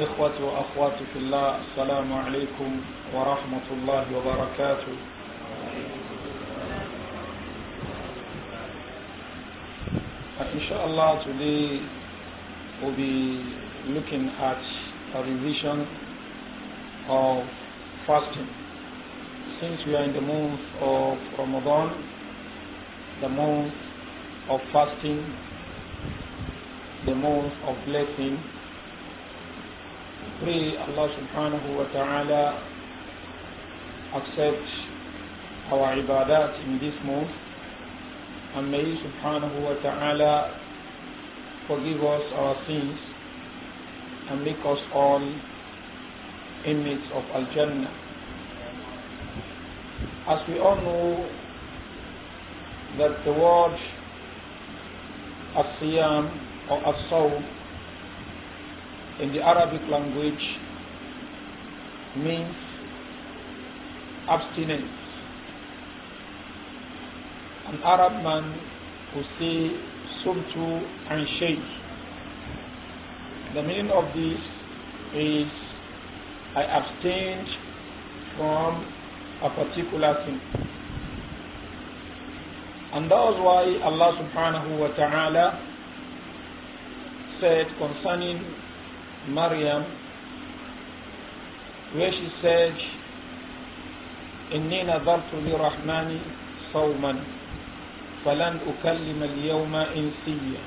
إخوة وأخوات في الله السلام عليكم ورحمة الله وبركاته Inshallah today we'll be looking at a revision of fasting. Since we are in the month of Ramadan, the month of fasting, the month of blessing, pray Allah subhanahu wa ta'ala accept our ibadat in this month and may He subhanahu wa ta'ala forgive us our sins and make us all inmates of Al-Jannah. As we all know that the word as or as in the Arabic language means abstinence. An Arab man who say sumtu and shaykh. The meaning of this is I abstained from a particular thing. And that was why Allah subhanahu wa ta'ala said concerning Maryam where she said, إني نظرت لرحمن صوما فلن أكلم اليوم إنسيا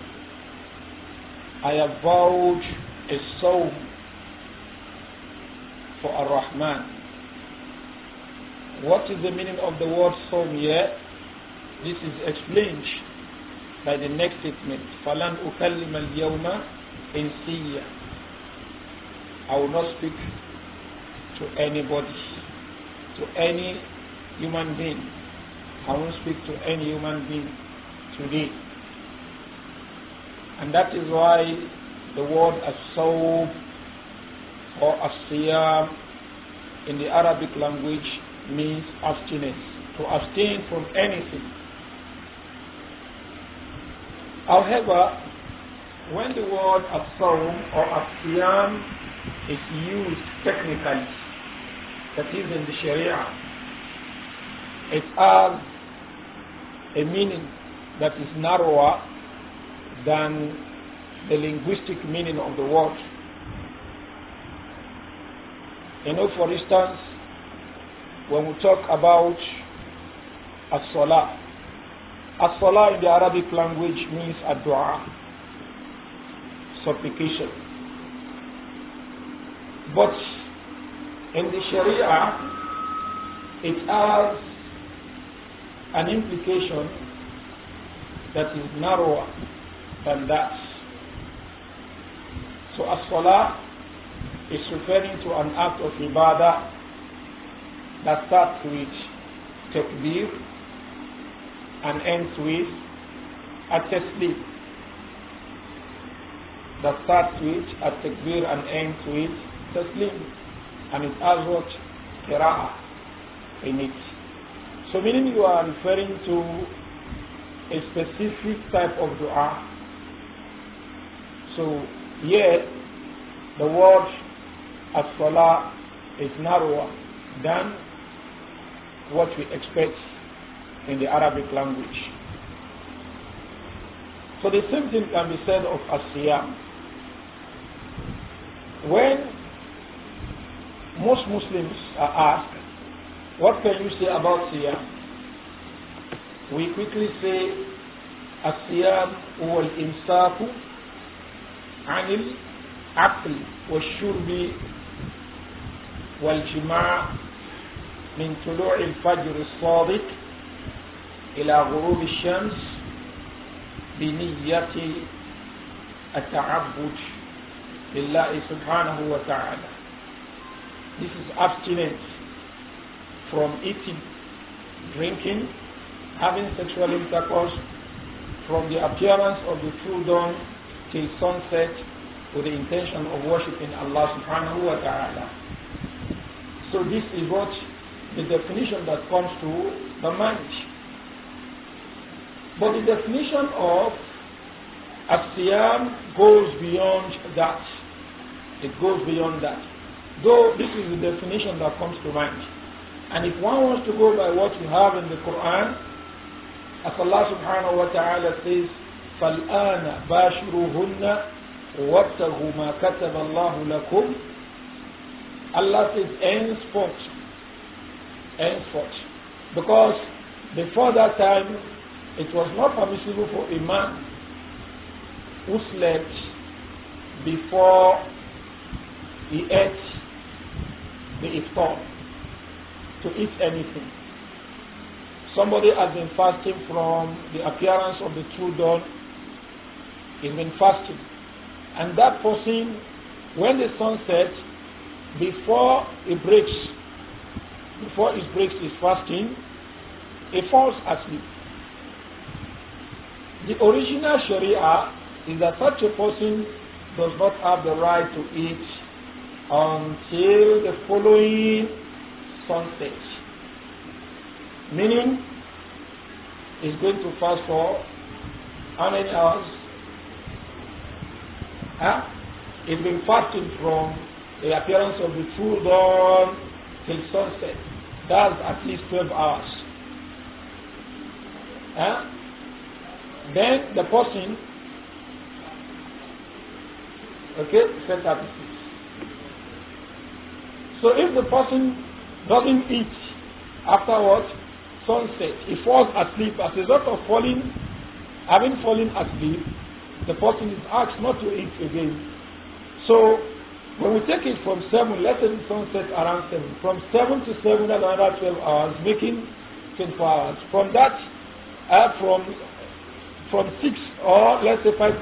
I have vowed a soul for Ar-Rahman. What is the meaning of the word soul here? This is explained by the next statement. فَلَنْ أُكَلِّمَ الْيَوْمَ إِنْسِيًّا I will not speak to anybody, to any human being. I won't speak to any human being today. And that is why the word as-sawm or as-siyam in the Arabic language means abstinence, to abstain from anything. However, when the word as-sawm or as-siyam is used technically, that is in the Sharia, it has a meaning that is narrower than the linguistic meaning of the word. You know, for instance, when we talk about as-salah, as-salah in the Arabic language means a dua, supplication. But in the Sharia, it has an implication that is narrower than that. So as-salah is referring to an act of ibadah that starts with takbir and ends with at-taslim. That starts with at-takbir and ends with taslim and it has what? Qira'ah in it. So meaning you are referring to a specific type of dua. So yet the word as-salah is narrower than what we expect in the Arabic language. So the same thing can be said of as -siyam. When most Muslims are asked, what can you say about Siyam? We quickly say, Siyam wal imsaku anil akli wa shurbi wal jima' min tulu' al fajr as-sadiq ila ghurub ash-shams bi niyyati at-ta'abbud لله سبحانه وتعالى this is abstinence from eating, drinking, having sexual intercourse, from the appearance of the true dawn till sunset with the intention of worshipping Allah subhanahu wa ta'ala. So this is what the definition that comes to the mind. But the definition of Asiyam goes beyond that. It goes beyond that. Though this is the definition that comes to mind. And if one wants to go by what you have in the Quran, as Allah subhanahu wa ta'ala says, فَالْآنَ بَاشِرُهُنَّ وَابْتَغُوا مَا كَتَبَ اللَّهُ لَكُمْ Allah says, henceforth, henceforth. Because before that time, it was not permissible for a man who slept before he ate the iftar to eat anything. Somebody has been fasting from the appearance of the true dawn. He's been fasting. And that person, when the sun sets, before it breaks, before it breaks his fasting, he falls asleep. The original Sharia is that such a person does not have the right to eat until the following sunset. Meaning, is going to fast for how many hours? Huh? It's been fasting from the appearance of the full dawn till sunset. That's at least 12 hours. Huh? Then the person, okay, set up so if the person doesn't eat afterwards, sunset, he falls asleep. As a result of falling, having fallen asleep, the person is asked not to eat again. So when we take it from 7, let's say sunset around 7. From 7 to 7, another 12 hours, making 24 hours. From that, uh, from from 6 or let's say 5.30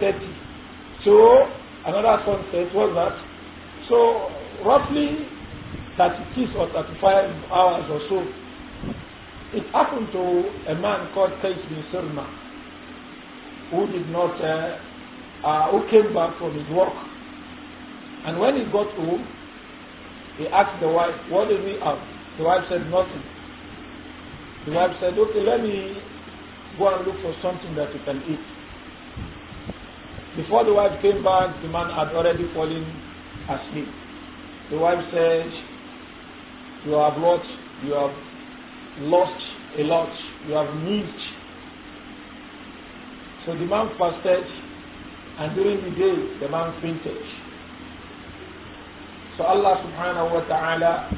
to another sunset, what's that? So roughly 36 or 35 hours or so. It happened to a man called Qais bin Sirma who did not, uh, uh, who came back from his work. And when he got home, he asked the wife, what did we have? The wife said nothing. The wife said, okay, let me go and look for something that you can eat. Before the wife came back, the man had already fallen asleep. The wife said, you have lost, you have lost a lot, you have missed. So the man fasted, and during the day, the man fainted. So Allah subhanahu wa ta'ala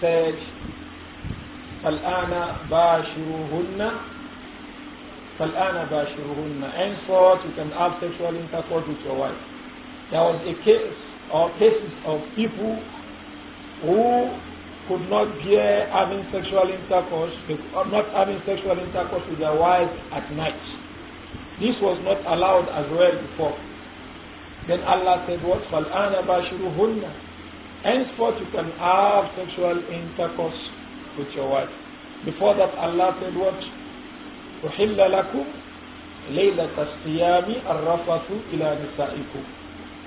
said, فَالْآنَ بَاشِرُهُنَّ فَالْآنَ بَاشِرُهُنَّ Henceforth, you can have sexual intercourse with your wife. There was a case or cases of people who could not bear having sexual intercourse, not having sexual intercourse with their wives at night. This was not allowed as well before. Then Allah said, What? فَالْآنَ بَاشِرُهُنَّ Henceforth you can have sexual intercourse with your wife. Before that Allah said what? أُحِلَّ لَكُمْ لَيْلَةَ الصِّيَامِ الرَّفَثُ إِلَى نِسَائِكُمْ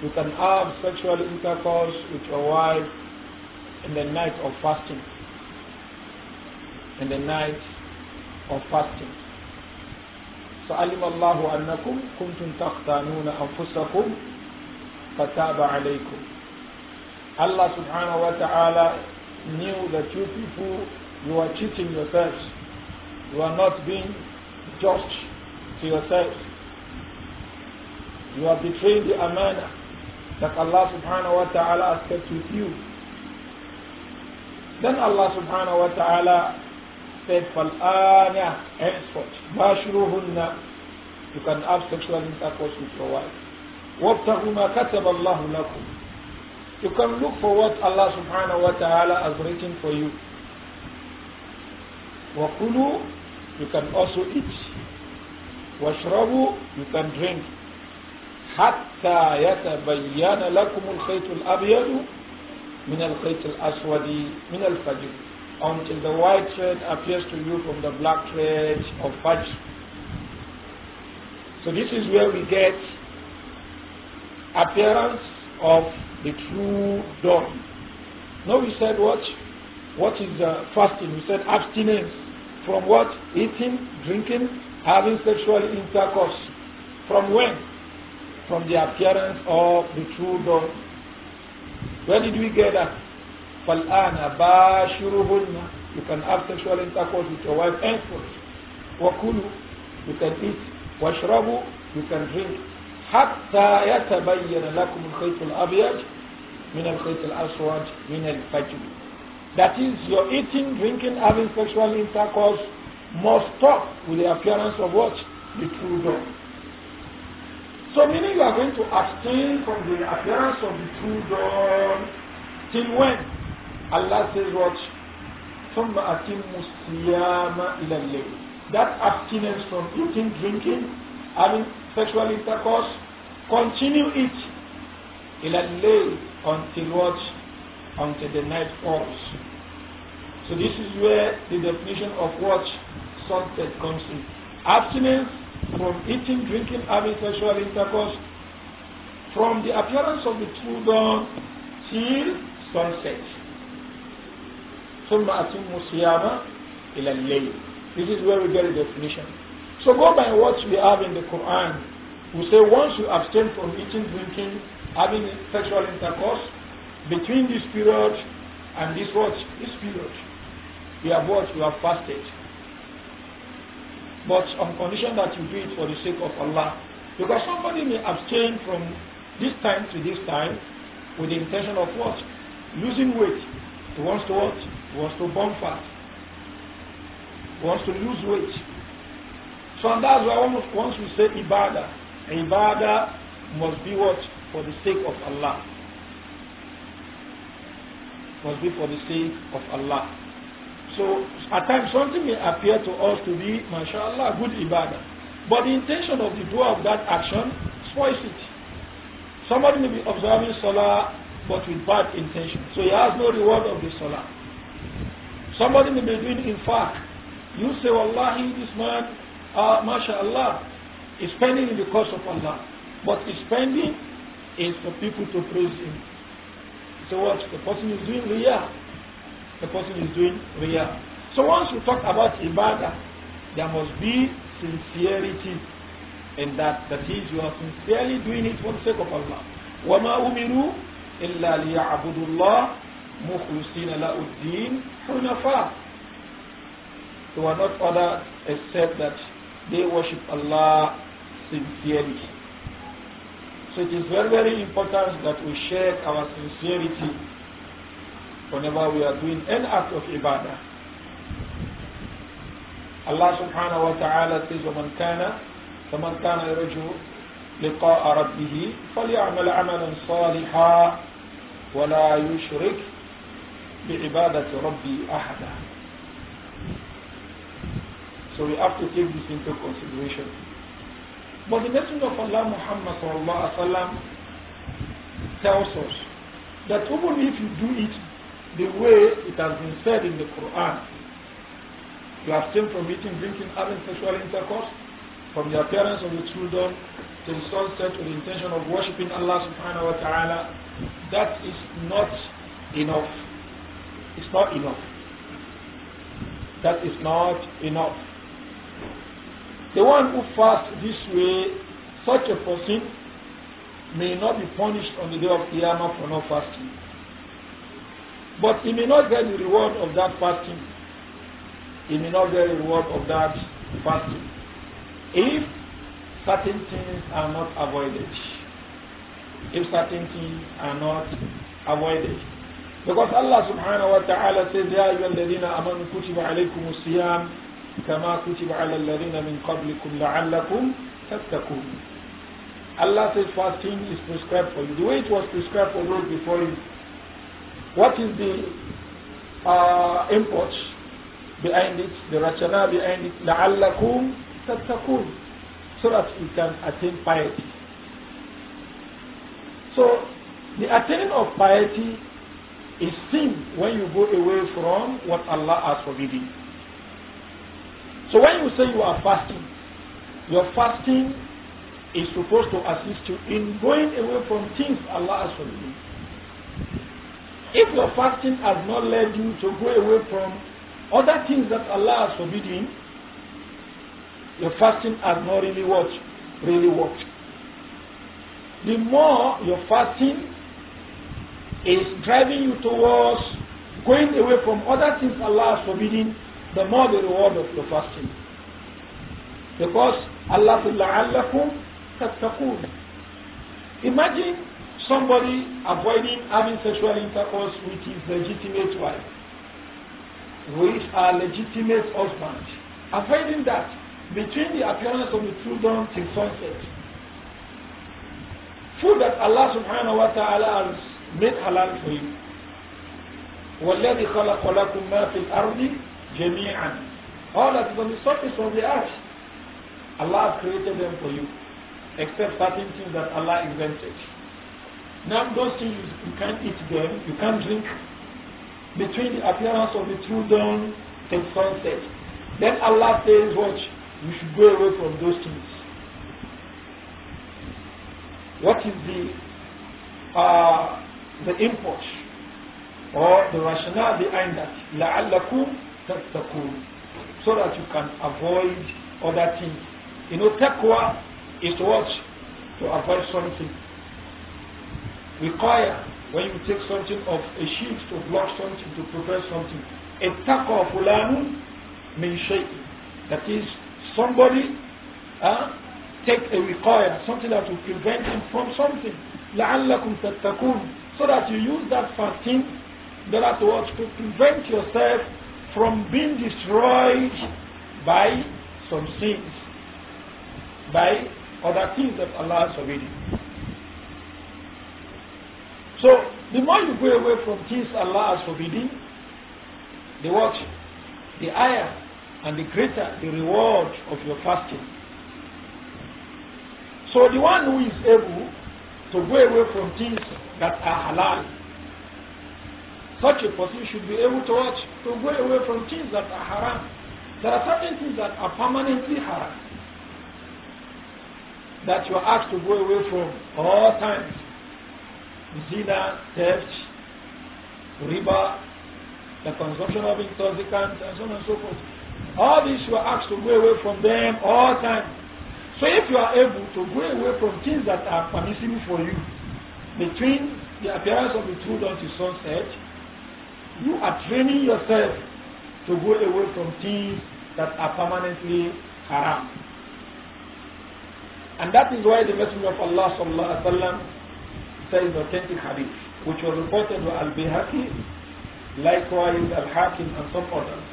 You can have sexual intercourse with your wife in the night of fasting. In the night of fasting. فعلم الله أنكم كنتم تختانون أنفسكم فتاب عليكم Allah subhanahu wa ta'ala knew that you people, you are cheating yourselves. You are not being just to yourselves. You are betraying the amana that Allah subhanahu wa ta'ala has kept with you. Then Allah subhanahu wa ta'ala said, فَالْآنَ henceforth, بَاشْرُهُنَّ You can have sexual intercourse with your wife. وَابْتَغُوا مَا كَتَبَ اللَّهُ لَكُمْ You can look for what Allah subhanahu wa ta'ala has written for you. وَكُلُوا You can also eat. وَاشْرَبُوا You can drink. حَتَّى يَتَبَيَّنَ لَكُمُ الْخَيْطُ الْأَبْيَضُ min al-khayt aswadi min al-fajr until the white thread appears to you from the black thread of fajr. So this is where we get appearance of the true dawn. Now we said what? What is uh, fasting? We said abstinence from what? Eating, drinking, having sexual intercourse. From when? From the appearance of the true dawn. Where did we get that? فَالْآنَ بَاشِرُهُنَّ You can have sexual intercourse with your wife and henceforth. وَكُلُوا You can eat. وَأَشْرَبُ You can drink. حَتَّى يَتَبَيَّنَ لَكُمُ الْخَيْطُ الْأَبْيَجِ مِنَ الْخَيْطِ الْأَسْوَدِ مِنَ الْفَجْرِ That is, your eating, drinking, having sexual intercourse must stop with the appearance of what? The true dawn. So meaning you are going to abstain from the appearance of the true dawn till when? Allah says what? ثم أتم الصيام إلى الليل that abstinence from eating, drinking, having sexual intercourse, continue it ilalay until what? Until the night falls. So this is where the definition of what sunset comes in. Abstinence from eating, drinking, having sexual intercourse, from the appearance of the true dawn till sunset. This is where we get a definition. So go by what we have in the Quran. We say once you abstain from eating, drinking, having sexual intercourse, between this period and this watch, this period, you have what? You have fasted but on condition that you do it for the sake of Allah. Because somebody may abstain from this time to this time with the intention of what? Losing weight. He wants to what? He wants to burn fat. He wants to lose weight. So and that's why once we say ibadah, ibadah must be what? For the sake of Allah. Must be for the sake of Allah. So at times something may appear to us to be, mashallah, good ibadah. But the intention of the doer of that action spoils it. Somebody may be observing salah but with bad intention. So he has no reward of the salah. Somebody may be doing infaq. You say, Wallahi, this man, uh, mashallah, is spending in the cause of Allah. But his spending is for people to praise him. So what? The person is doing riyah the person is doing Riyah. So once we talk about Ibadah, there must be sincerity in that. That is, you are sincerely doing it for the sake of Allah. وَمَا أُمِرُوا إِلَّا لِيَعْبُدُوا اللَّهِ مُخْلُصِينَ لَهُ الدِّينَ حُنَفَاءَ They are not other except that they worship Allah sincerely. So it is very, very important that we share our sincerity whenever we are doing any act of ibadah. Allah subhanahu wa ta'ala says, وَمَنْ كَانَ فَمَنْ كَانَ يَرْجُو لِقَاءَ رَبِّهِ فَلْيَعْمَلْ عَمَلًا صَالِحًا وَلَا يُشْرِكْ بِعِبَادَةِ رَبِّهِ أَحَدًا So we have to take this into consideration. But the Messenger of Allah Muhammad sallallahu wa wasallam tells us that even if you do it the way it has been said in the Quran. You abstain from eating, drinking, having sexual intercourse, from the appearance of the children, to the sunset, to the intention of worshipping Allah subhanahu wa ta'ala. That is not enough. It's not enough. That is not enough. The one who fasts this way, such a person may not be punished on the day of Qiyamah for not fasting. But he may not get the reward of that fasting. He may not get the reward of that fasting. If certain things are not avoided. If certain things are not avoided. Because Allah subhanahu wa ta'ala says, "Ya أَيُّهَا الَّذِينَ آمَنُوا كُتِبَ usiyam, kama كَمَا كُتِبَ عَلَى الَّذِينَ مِنْ قَبْلِكُمْ لَعَلَّكُمْ Allah says fasting is prescribed for you. The way it was prescribed for those before you what is the uh, import behind it, the rationale behind it? لَعَلَّكُمْ تَتَّقُونَ So that you can attain piety. So, the attaining of piety is seen when you go away from what Allah has forbidden. So when you say you are fasting, your fasting is supposed to assist you in going away from things Allah has forbidden. If your fasting has not led you to go away from other things that Allah has forbidden, your fasting has not really worked. Really worked. The more your fasting is driving you towards going away from other things Allah has forbidden, the more the reward of your fasting. Because Allah said, لَعَلَّكُمْ تَتَّقُونَ Imagine somebody avoiding having sexual intercourse with his legitimate wife, with a legitimate husband, avoiding that between the appearance of the true dawn till sunset. Food that Allah subhanahu wa ta'ala has made halal for you. وَالَّذِي خَلَقَ لَكُم مَا فِي الْأَرْضِ جَمِيعًا All that is on the surface of the earth, Allah has created them for you, except certain things that Allah invented. Now those things you, can't eat them, you can't drink between the appearance of the true dawn and sunset. Then Allah says, watch, you should go away from those things. What is the uh, the import or the rationale behind that? لَعَلَّكُمْ تَتَّقُونَ So that you can avoid other things. You know, taqwa is to watch, to avoid something. Require when you take something of a shield to block something, to prevent something. A of fulanun min shay'in. That is, somebody uh, take a require something that will prevent him from something. لَعَلَّكُمْ تَتَّقُونَ So that you use that fasting in order to, to prevent yourself from being destroyed by some sins, by other things that Allah has forbidden. So the more you go away from things Allah has forbidden, the what? The ayah and the greater the reward of your fasting. So the one who is able to go away from things that are halal, such a person should be able to watch, to go away from things that are haram. There are certain things that are permanently haram that you are asked to go away from all times zina, theft, riba, the consumption of intoxicants, and so on and so forth. All these you are asked to go away from them all time. So if you are able to go away from things that are permissible for you, between the appearance of the truth until sunset, you are training yourself to go away from things that are permanently haram. And that is why the Messenger of Allah sallallahu wa wasallam says authentic hadith, which was reported by Al-Bihaki, likewise Al-Hakim and some others.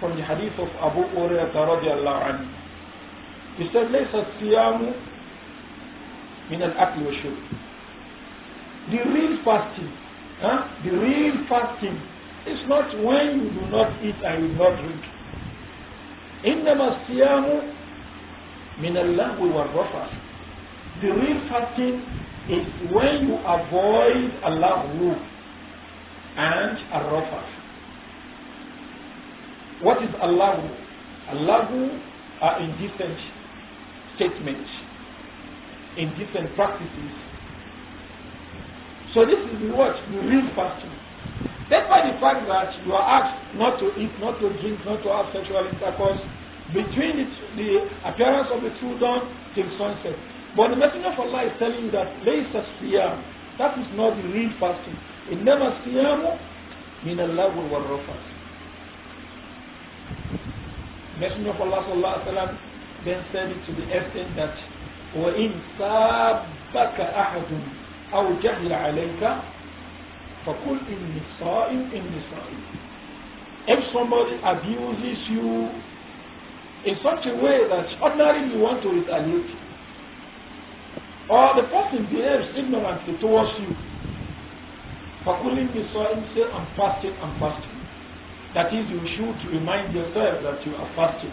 From the hadith of Abu Hurairah radiallahu anhu. He said, ليس الصيام من الأكل والشرب. The real fasting, huh? the real fasting is not when you do not eat and you do not drink. إنما الصيام من اللهو والرفث the real fasting is when you avoid Allah and Arafah. What is Allah? Allah are indecent statements, indecent practices. So this is what the real fasting. That's why the fact that you are asked not to eat, not to drink, not to have sexual intercourse between the, the appearance of the true dawn till sunset. But the Messenger of Allah is telling that of siyam. That is not the real fasting. إِنَّمَا الصِّيَامُ مِنَ اللَّهُ وَالرَّفَسِ Messenger of Allah sallallahu alaihi wasallam then said it to the extent that وَإِن in أَحَدٌ أَوْ جَهْلَ عَلَيْكَ فَقُلْ إِنِّي صَائِمٌ إِنِّي صَائِمٌ If somebody abuses you in such a way that ordinarily you want to retaliate, or the person behaves ignorantly towards you. Fakulin Misoim say, I'm fasting, I'm fasting. That is, you should remind yourself that you are fasting.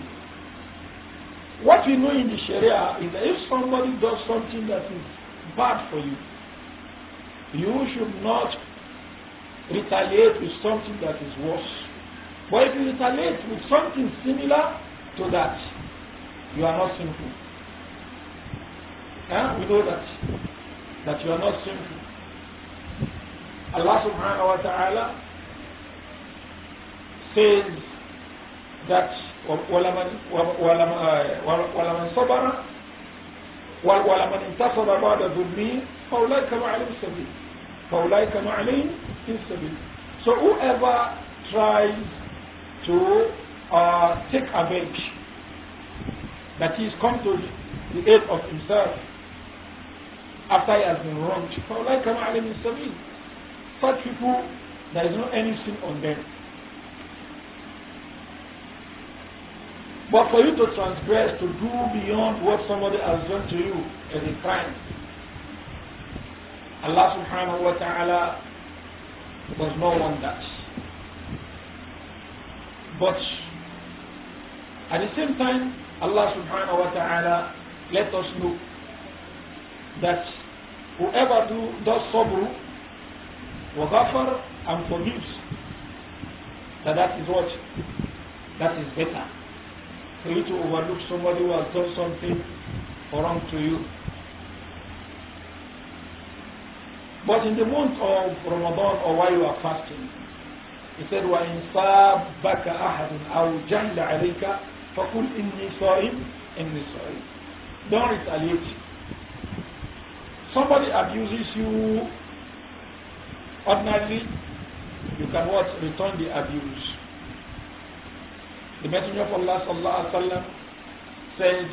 What we know in the Sharia is that if somebody does something that is bad for you, you should not retaliate with something that is worse. But if you retaliate with something similar to that, you are not sinful. Huh? We know that. That you are not sinful. Allah subhanahu wa ta'ala says that وَلَمَنْ صَبَرَ ولمن انتصر بعد ظلمه فأولئك ما عليهم سبيل فأولئك ما سبيل So whoever tries to uh, take a that he's come to the aid of himself after he has been wronged. فَأُولَٰئِكَ مَعْلِمِ you, Such people, there is no any sin on them. But for you to transgress, to do beyond what somebody has done to you is a crime. Allah subhanahu wa ta'ala does not want that. But at the same time, Allah subhanahu wa ta'ala let us know that whoever do, does sabr will ghafar and forgives, that that is what? That is better. For you to overlook somebody who has done something wrong to you. But in the month of Ramadan or while you are fasting, he said, وَإِنْ صَابَكَ أَحَدٌ أَوْ جَلَّ عَلَيْكَ فَقُلْ إِنِّي صَائِمٌ إِنِّي صَائِمٌ Don't retaliate. Somebody abuses you ordinarily, you can what? Return the abuse. The Messenger of Allah sallallahu wa wasallam said,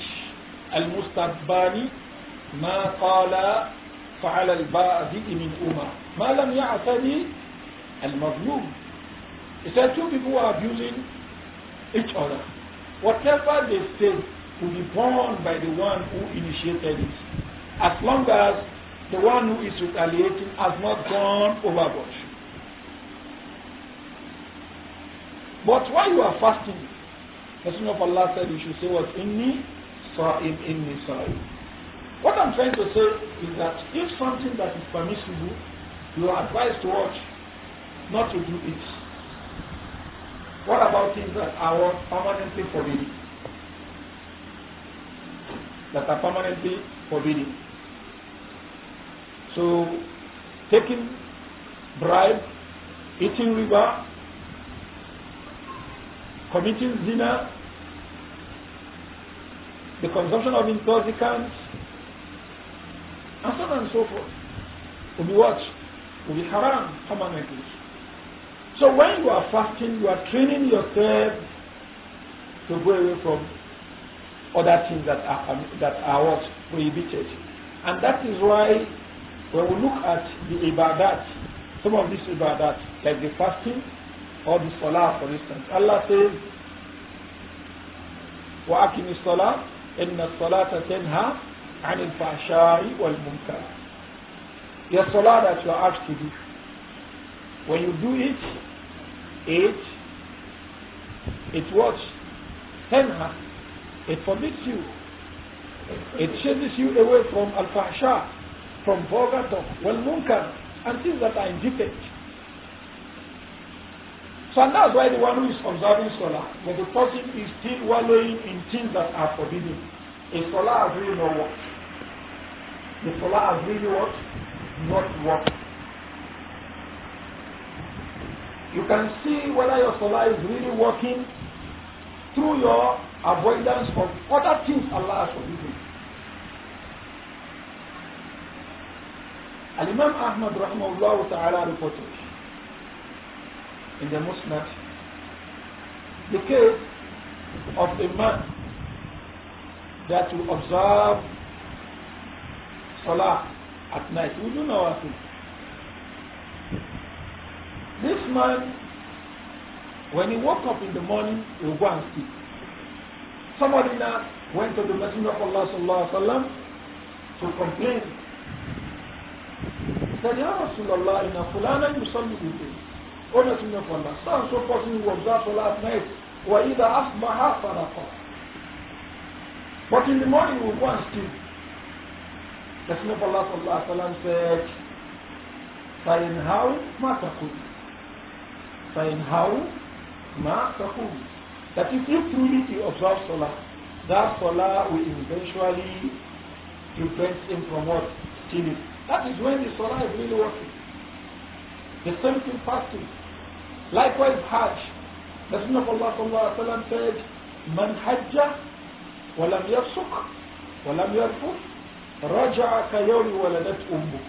"Al-mustabbani ma qala فعل البادئ من أمة ما لم يعتدي المظلوم He said two people are abusing each other. Whatever they say will be borne by the one who initiated it as long as the one who is retaliating has not gone overboard. But while you are fasting, the Son of Allah said you should say what inni sa'im inni sa'im. What I'm trying to say is that if something that is permissible, you are advised to watch, not to do it. What about things that are permanently forbidden? that are permanently forbidden. So, taking bribe, eating riba, committing zina, the consumption of intoxicants, and so on and so forth, will be what? Will be haram permanently. So when you are fasting, you are training yourself to go away from other things that are, that are what, prohibited. And that is why when we look at the ibadat, some of these ibadat, like the fasting or the salah, for instance, Allah says, وأقم الصلاة إن الصلاة تنهى عن الفحشاء والمنكر Your salah that you are asked to do. When you do it, it, it what? Tenha. It forbids you. It chases you away from al-fahsha, from bogato, wal-munkar, and things that are indecent. So that's why the one who is observing Salah, but the person is still wallowing in things that are forbidden, a Salah has really not worked. The Salah has really what? Not worked. You can see whether your Salah is really working through your avoidance of other things Allah has forgiven. Al Imam Ahmad rahimahullah ta'ala reported in the Musnad the case of a man that will observe Salah at night. We do know what This man when he woke up in the morning, he would go and sleep. Somebody now went to the Messenger of Allah sallallahu sallam, to complain. He said, Ya Rasulallah, inna fulana yusalli bihi. O oh, Messenger of Allah, so and so person who observes Salah at night, wa idha asmaha faraqa. But in the morning, he will go and sleep. The Messenger of Allah sallallahu sallam said, فَإِنْهَاوْ مَا تَقُولُ فَإِنْهَاوْ that if That is, if truly he observes Salah, that Salah will eventually prevent him from what? Stealing. That is when the Salah is really working. The same thing fasting. Likewise, Hajj. The Son of Allah sallallahu said, Man hajja walam yafsuk walam yarfuf raja'a kayawli waladat umbu.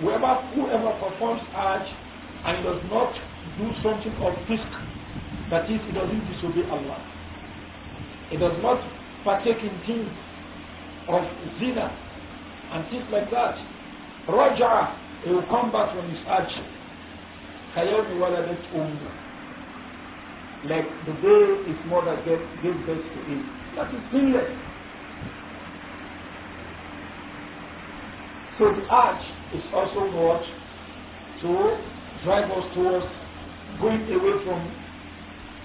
Whoever, whoever performs Hajj and does not do something of fisk that is, he doesn't disobey Allah. He does not partake in things of zina and things like that. Raja, he will come back from his Hajj. Kayami waladat Like the day his mother gave, birth to him. That is sinless. So the arch is also what? To drive us towards going away from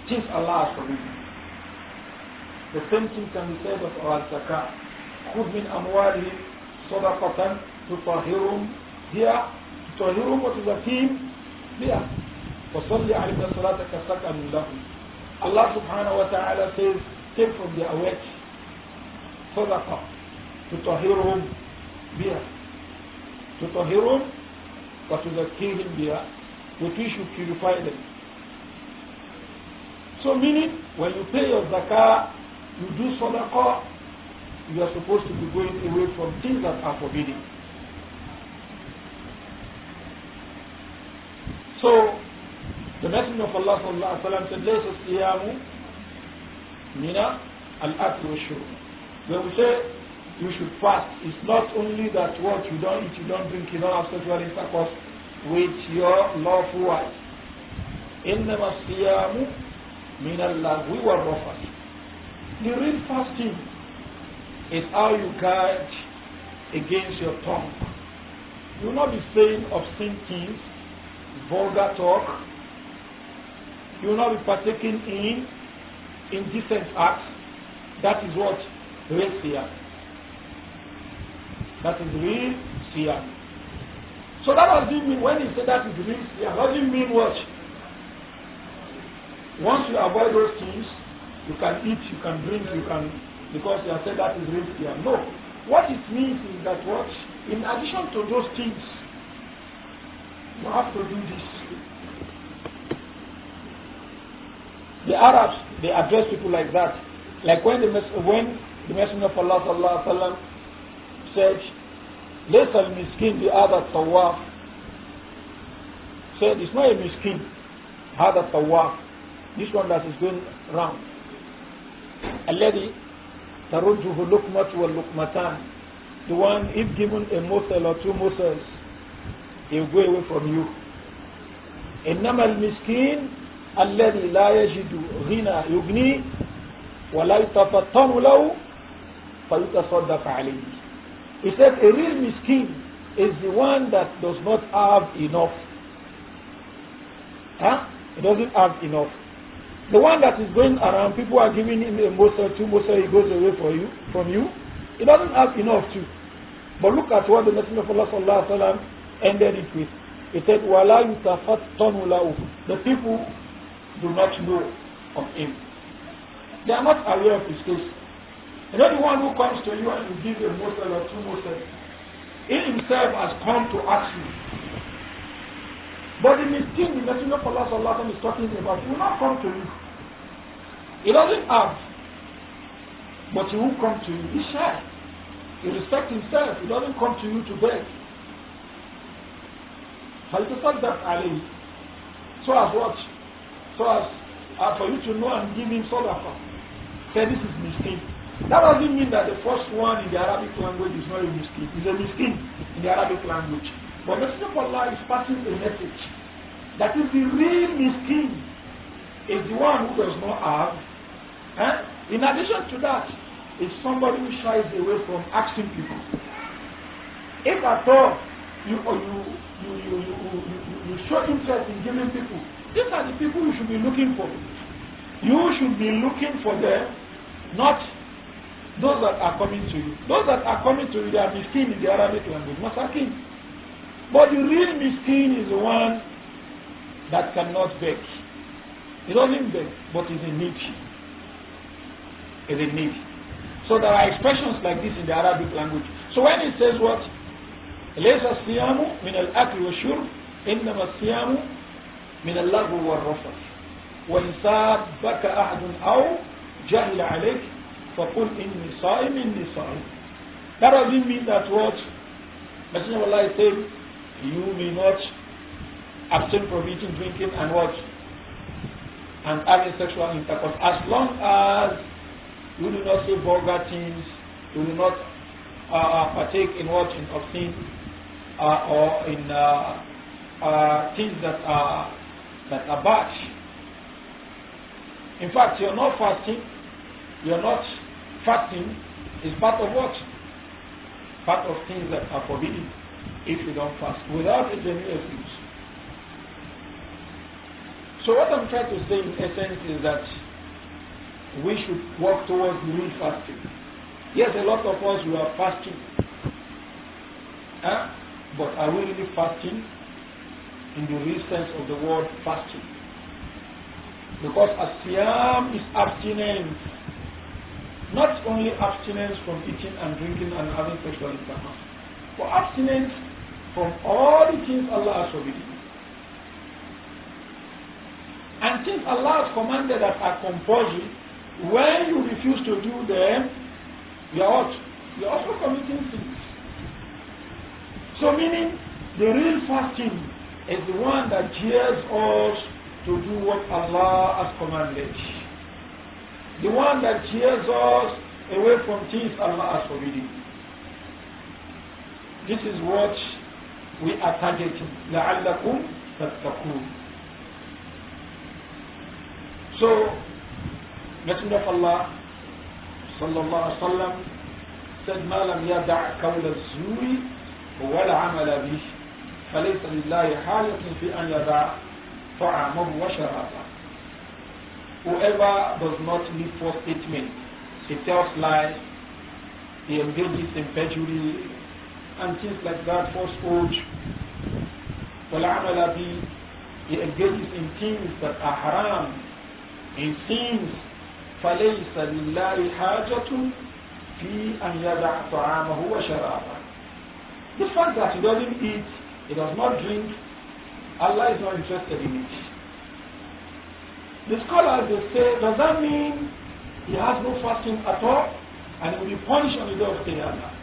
just Allah for me. The same thing can be said of our zakah. خذ من أموالهم صدقة تطهرهم هي تطهرهم وتزكيهم بها وصل عليهم صلاتك سكا لهم Allah subhanahu wa ta'ala says take from the their wealth صدقة تطهرهم بها تطهرهم وتزكيهم بها with which you purify them so meaning, when you pay your zakah, you do sadaqah, you are supposed to be going away from things that are forbidden. So, the Messenger of Allah sallallahu wa wasallam said, "Laysa siyamu mina al-akl When we say you should fast, it's not only that what you don't eat, you don't drink, you don't have sexual intercourse with your lawful wife. إنما الصيام min Allah, we were rough. The real fasting is how you guard against your tongue. You will not be saying obscene things, vulgar talk. You will not be partaking in indecent acts. That is what real fear. That is real fear. So that doesn't mean when he said that is real fear, doesn't mean what? Once you avoid those things, you can eat, you can drink, you can, because they have said that is risky. No. What it means is that what, in addition to those things, you have to do this. The Arabs, they address people like that. Like when the, when the Messenger of Allah sallallahu sallam, said, Let al miskin the other tawaf. Said, it's not a miskin, other tawaf. This one that is going round. Alladhi tarujuhu lukmat wa lukmatan. The one, if given a morsel or two morsels, he will go away from you. Innama al-miskin alladhi la yajidu ghina yugni wa la yutafattamu law fayutasaddaq alayhi. He said, a real miskin is the one that does not have enough. Huh? He doesn't have enough. The one that is going around, people are giving him a mosa, two mosa, he goes away for you, from you. He doesn't have enough to. But look at what the Messenger of Allah sallallahu alaihi wasallam ended it with. He said, "Wala يُتَفَتَّنُ لَهُ The people do not know of him. They are not aware of his case. And anyone who comes to you and you give a mosa or two mosa, he himself has come to ask you. But the miskin the Messenger of Allah sallallahu is talking about, he will not come to you. He doesn't have, but he will come to you. He shy. He respects himself. He doesn't come to you to beg. that, Ali. So as what? So as uh, for you to know I'm giving sadaqah. Say this is miskin. That doesn't mean that the first one in the Arabic language is not a miskin. It's a miskin in the Arabic language. But Messenger of Allah is passing a message that if the real miskin is the one who does not have. Eh? In addition to that, is somebody who shies away from asking people. If at all you or you you you you, you, you, you show interest in giving people, these are the people you should be looking for. You should be looking for them, not those that are coming to you. Those that are coming to you, they are miskin in the Arabic language, masakin. But the real miskin is the one that cannot beg. He doesn't beg, but is in need. Is in need. So there are expressions like this in the Arabic language. So when it says what? ليس الصيام من الأكل والشرب إنما الصيام من اللغو والرفث وإن سابك أحد أو جهل عليك فقل إني صائم إني صائم That doesn't mean that what Messenger of Allah is saying you may not abstain from eating, drinking, and what? And having sexual intercourse. As long as you do not say vulgar things, you do not uh, uh partake in what? In obscene uh, or in uh, uh, things that are, that are bad. In fact, you're not fasting, you're not fasting, is part of what? Part of things that are forbidden if you don't fast, without a genuine So what I'm trying to say in essence is that we should work towards real fasting. Yes, a lot of us we are fasting. Huh? But are we really fasting in the real sense of the word fasting? Because asiyam is abstinence. Not only abstinence from eating and drinking and having sexual intercourse. For abstinence from all the things Allah has forbidden. And things Allah has commanded that are compulsory, when you refuse to do them, you are You are also committing sins. So meaning, the real fasting is the one that cheers us to do what Allah has commanded. The one that cheers us away from things Allah has forbidden. This is what وأفادتم لعلكم تتقون So, Messenger of Allah صلى الله عليه وسلم said, ما لم يدع كول الزور ولا عمل به فليس لله حالة في أن يدع طعامه وشرابه Whoever does not need for statement, he tells lies, he engages in perjury, and things like that, falsehood. وَالْعَمَلَ بِهِ He engages in things that are haram, in sins. فَلَيْسَ لِلَّهِ حَاجَةٌ فِي أَنْ يَدَعْ طَعَامَهُ وَشَرَابَهُ The fact that he doesn't eat, he does not drink, Allah is not interested in it. The scholars will say, does that mean he has no fasting at all and he will be punished on the day of Qiyamah?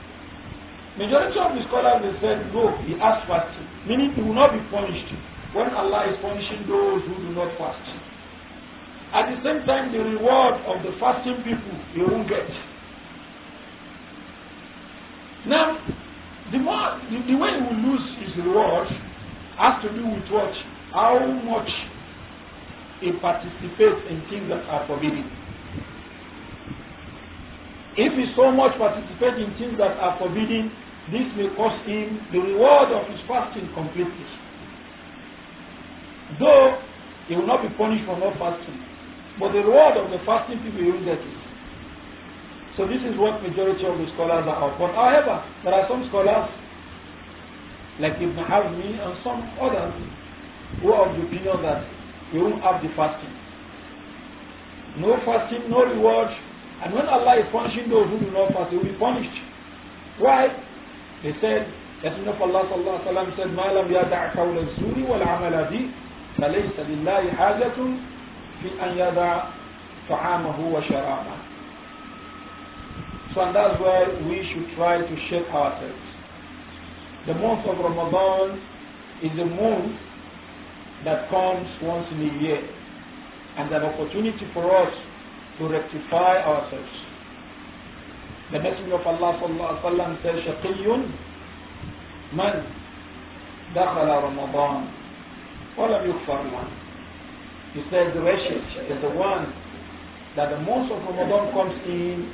Majority of the scholars they said no, he has fasting, meaning he will not be punished when Allah is punishing those who do not fast. At the same time, the reward of the fasting people he won't get. Now, the, more, the, the way he will lose his reward has to do with what, how much he participates in things that are forbidden. If he so much participates in things that are forbidden, this may cost him the reward of his fasting completely. Though he will not be punished for not fasting, but the reward of the fasting people will get it. So this is what majority of the scholars are But However, there are some scholars like Ibn Hazmi and some others who are of the opinion that he won't have the fasting. No fasting, no reward. And when Allah is punishing those who do not fast, they will be punished. Why? He said, Messenger of Allah sallallahu alayhi wa sallam said, مَا لَمْ يَدَعْ قَوْلَ الزُّورِ وَالْعَمَلَ بِهِ فَلَيْسَ لِلَّهِ حَاجَةٌ فِي أَنْ يَدَعْ طَعَامَهُ So and that's why we should try to shape ourselves. The month of Ramadan is a month that comes once in a year and an opportunity for us to rectify ourselves. The Messenger of Allah sallallahu alaihi wasallam says, "Shaqiyun man dakhala Ramadan, walam yukfar He says, "The wretched is the one that the month of Ramadan comes in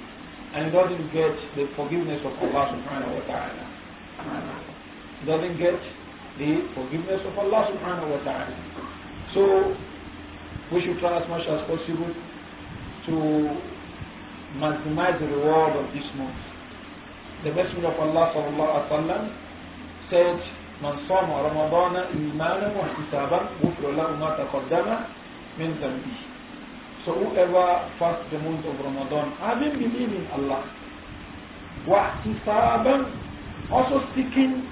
and doesn't get the forgiveness of Allah subhanahu wa ta'ala. doesn't get the forgiveness of Allah subhanahu wa ta'ala. So we should try as much as possible to maximize the reward of this month. The Messenger of Allah sallallahu alaihi wasallam said, "Man sama Ramadan imanan wa hisaban, ghufra lahu ma min zambi." So whoever fasts the month of Ramadan, having believed in Allah, wa hisaban, also seeking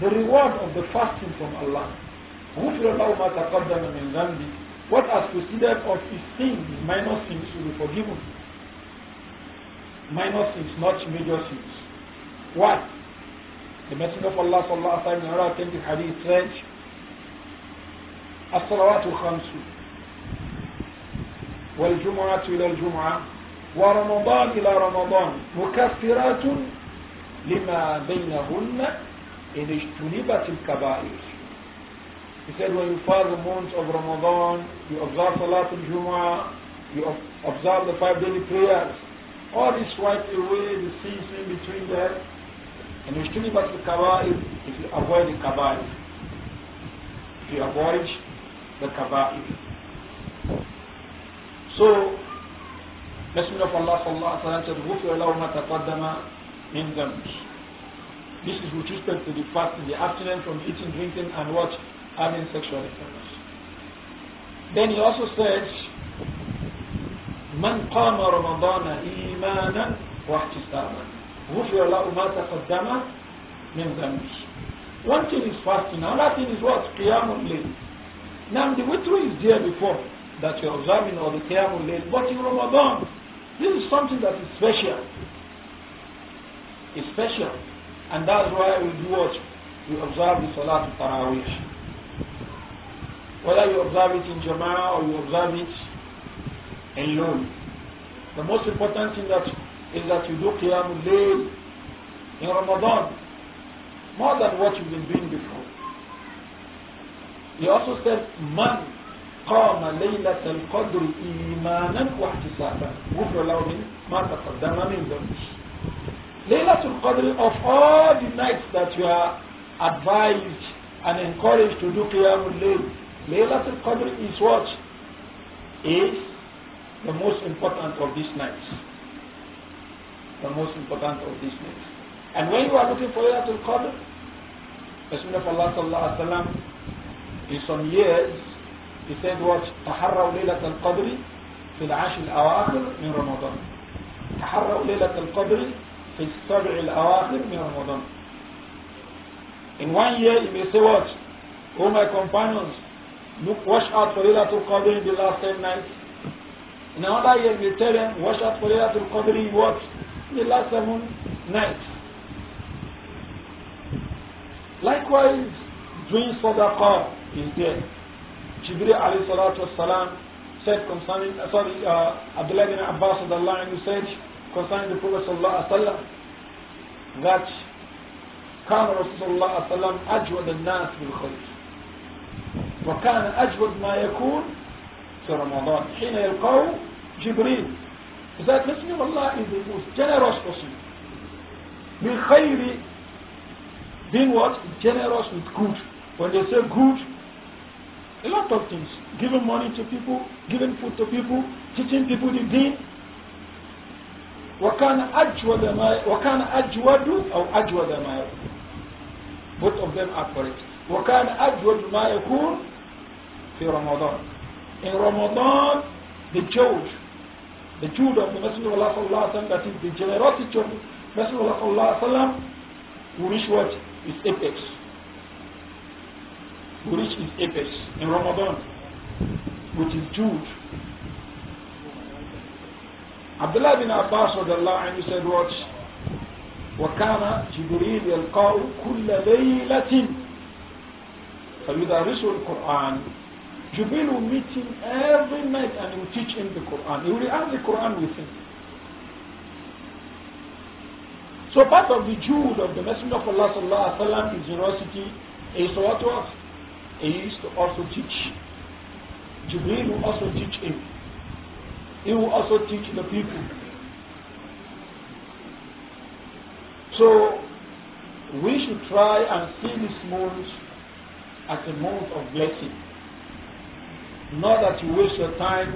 the reward of the fasting from Allah, ghufra lahu ma min zambi, What has proceeded of his sins, minor sins, will be forgiven minor sins, not major sins. What? The Messenger of Allah sallallahu alaihi wasallam in another hadith said, "As-salawatu khamsu, wal jumu'atu ila al-jumu'ah, wa Ramadan ila Ramadan, mukaffiratun lima bainahunna in ijtunibat al-kaba'ir." He said, when you fast the month of Ramadan, you observe Salat al-Jumu'ah, you observe the five daily prayers, all this wipes away the sins in between that, And you still about the kaba'ir if you avoid the kaba'ir. If you avoid the kaba'ir. So, Messenger of Allah sallallahu alayhi wa sallam said, غُفِرَ لَهُ مَا تَقَدَّمَ مِنْ ذَنْبِهِ this is with respect to the in the afternoon from eating, drinking, and what? Having sexual intercourse. Then he also said, Man qama Ramadan إيمانا واحتسابا غفر له ما تقدم من ذنبه One thing is fasting, another thing is what? Qiyamul Layl. Now the witr is there before that you're observing or the Qiyamul Layl, but in Ramadan, this is something that is special. It's special. And that's why we do what? We observe the Salat Taraweeh. Whether you observe it in Jama'ah or you observe it alone. The most important thing that is that you do Qiyamul Layl in Ramadan more than what you've been doing before. He also said, Man قام ليلة القدر إيمانا واحتسابا غفر له من ما تقدم من ذنبه ليلة القدر of all the nights that you are advised and encouraged to do Qiyamul Layl Laylatul Qadr is what? Is the most important of these nights. The most important of these nights. And when you are looking for Laylatul Qadr, Rasulullah sallallahu alaihi wasallam, in some years, he said what? تحروا ليلة القدر في العشر الأواخر من رمضان. تحروا ليلة القدر في السبع الأواخر من رمضان. In one year, he may say what? O my companions, look, watch out for Laylatul Qadr in the last 10 nights. In another year, we tell them, watch out for the Qadr, what? The last seven nights. Likewise, doing sadaqah is there. Jibreel Ali salatu Salam said concerning, uh, sorry, uh, Abdullah bin Abbas sallallahu alayhi said concerning the Prophet sallallahu alayhi wasallam that كان رسول الله صلى الله عليه وسلم أجود الناس بالخير وكان أجود ما يكون في رمضان حين يلقاه جبريل that makes والله Allah is the most generous person من خير being what? Generous with good. When they say good, a lot of things. Giving money to people, giving food to people, teaching people the deen. وكان أجود ما وكان أجود أو أجود ما يكون. Both of them are correct. وكان أجود ما يكون في رمضان. in Ramadan, the jawd, the jawd of the Messenger of Allah sallam, that is the generosity of the Messenger of Allah sallam, will reach what? Its apex. who reach its apex in Ramadan, which is jawd. Abdullah bin Abbas and he said what? وكان جبريل يلقاه كل ليلة فيدرسه القرآن Jibril will meet him every night and he will teach him the Quran. He will have the Quran with him. So part of the jewel of the Messenger of Allah sallallahu alaihi wasallam is generosity. He used to what was? He used to also teach. Jibril will also teach him. He will also teach the people. So we should try and see this month as a month of blessing. Not that you waste your time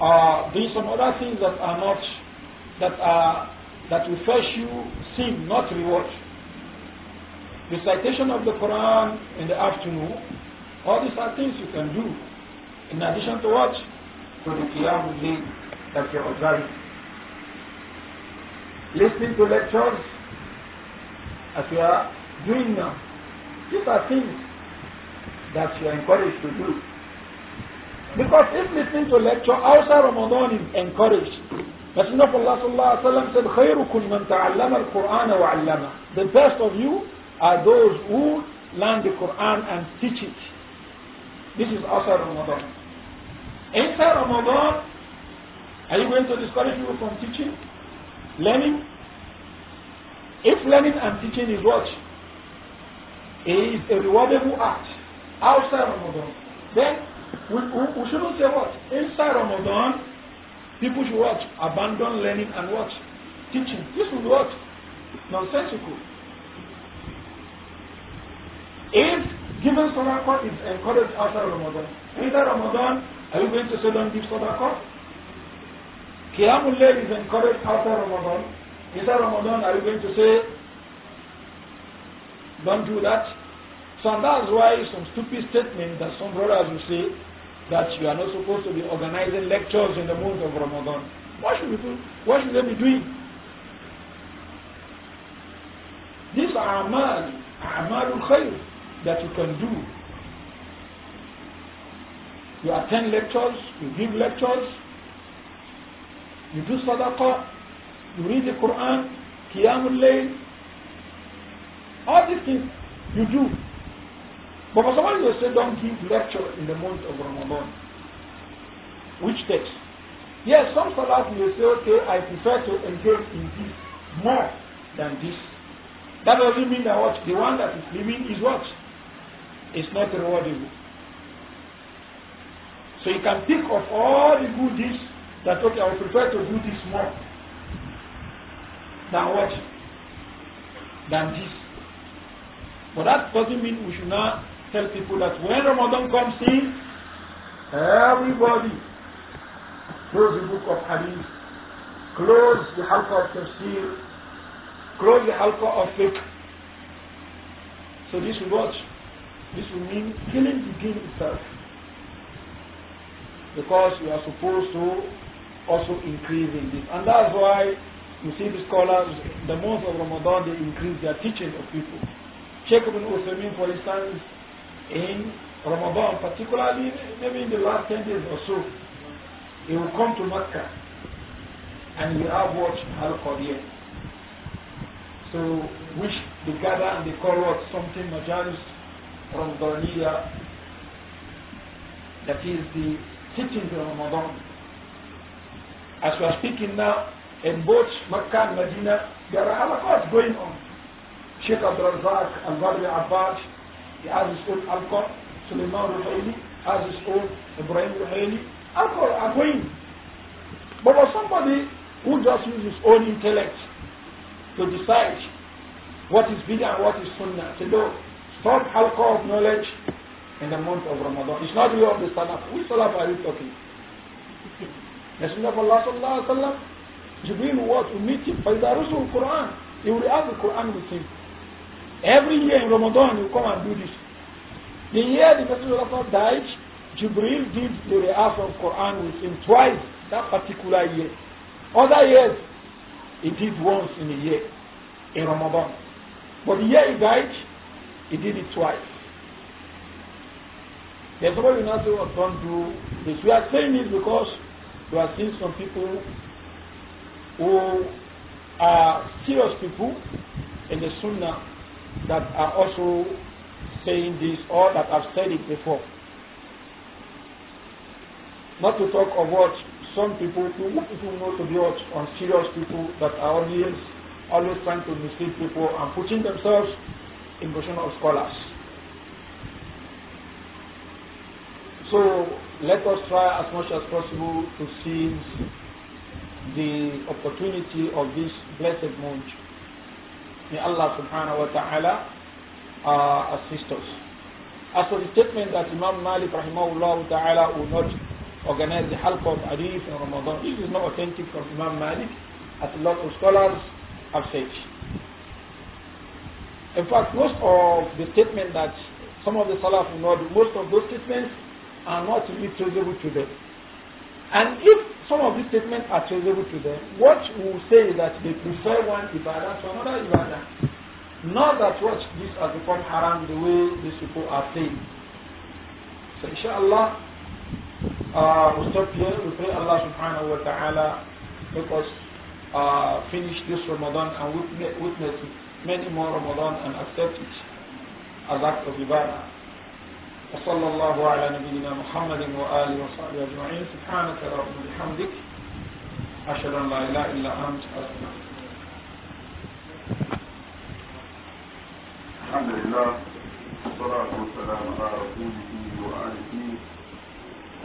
uh, doing some other things that are not, that are, that will fetch you sin, not reward. Recitation of the Quran in the afternoon, all these are things you can do. In addition to what? To the Qiyam that you observe. Listening to lectures as you are doing now. These are things that you are encouraged to do. Because if listening to a lecture outside Ramadan is encouraged, Messenger of Allah sallallahu alaihi wasallam said, خَيْرُكُمْ مَنْ تَعَلَّمَ الْقُرْآنَ وَعَلَّمَ The best of you are those who learn the Quran and teach it. This is outside Ramadan. Inside Ramadan, are you going to discourage people from teaching? Learning? If learning and teaching is what? It is a rewardable act outside Ramadan. Then we, we, we shouldn't say what? Inside Ramadan, people should watch, abandon learning and watch, teaching. This is what? Nonsensical. If giving sadaqah is encouraged outside Ramadan, inside Ramadan, are you going to say don't give sadaqah? Qiyamul is encouraged outside Ramadan. Inside Ramadan, are you going to say don't do that? So that's why some stupid statement that some brothers will say that you are not supposed to be organizing lectures in the month of Ramadan. What should we do? What should they be doing? These are amal, amalul khayr that you can do. You attend lectures, you give lectures, you do sadaqah, you read the Quran, qiyamul layl, all these things you do. But for somebody who say don't give lecture in the month of Ramadan, which text? Yes, some scholars may say, okay, I prefer to engage in this more than this. That doesn't mean that what the one that is living is what? It's not rewarding. So you can pick of all the good deeds that okay, I prefer to do this more than what? Than this. But that doesn't mean we should not tell people that when Ramadan comes in, everybody close the book of Hadith, close the halqa of tafsir, close the halqa of fiqh. So this will what? This will mean killing the deen itself. Because we are supposed to also increase in this. And that's why you see the scholars, the month of Ramadan, they increase their teaching of people. Sheikh ibn Uthaymeen, for instance, in Ramadan, particularly maybe in the last 10 days or so, he will come to Mecca and he will have watched Al-Qadiyah. So, which they gather and they call what? Something Majalis Ramadaniya. That is the sitting of Ramadan. As we are speaking now, in both Mecca and Medina, there are other going on. Sheikh Abdul Razak, Al-Badri he has his own Alcor, Suleiman Ruhaili has his own Ibrahim Ruhaili, Alcor are going. But for somebody who just uses his own intellect to decide what is bid'ah and what is sunnah, say no, stop Alcor of knowledge in the month of Ramadan. It's not your understanding. of the Salaf. Which Salaf are you talking? Messenger of Allah sallallahu wa wasallam, Jibril was meeting by the Rasul Quran. He will have the Quran with him. Every year in Ramadan, you come and do this. The year the Messenger of Allah died, Jibril did the rehearsal of Quran with him twice that particular year. Other years, he did once in a year, in Ramadan. But the year he died, he did it twice. There's somebody not to oh, don't do this. We are saying this because we are seeing some people who are serious people in the Sunnah that are also saying this or that have said it before. Not to talk of what some people do, people know to be what on serious people that are always always trying to mislead people and putting themselves in position of scholars. So let us try as much as possible to seize the opportunity of this blessed month May Allah subhanahu wa ta'ala uh, assist us. As for the statement that Imam Malik rahimahullah ta'ala will not organize the halqa of Hadith in Ramadan, this is not authentic from Imam Malik, as a lot of scholars have said. In fact, most of the statement that some of the Salaf will not do, most of those statements are not really to them. And if some of these statements are traceable to them. What we will say is that they prefer one ibadah to another ibadah. Not that what this has become haram the way these people are saying. So inshallah, uh, we stop here. We pray Allah subhanahu wa ta'ala help us uh, finish this Ramadan and witness many more Ramadan and accept it as act of ibadah. وصلى الله على نبينا محمد وآله وصحبه أجمعين سبحانك اللهم وبحمدك أشهد أن لا إله إلا أنت أستغفرك الحمد لله والصلاة والسلام على رسوله وآله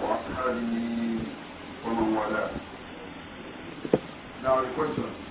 وأصحابه ومن والاه. Now the question.